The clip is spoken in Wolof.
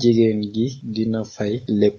Jigéen gi dina fay lépp.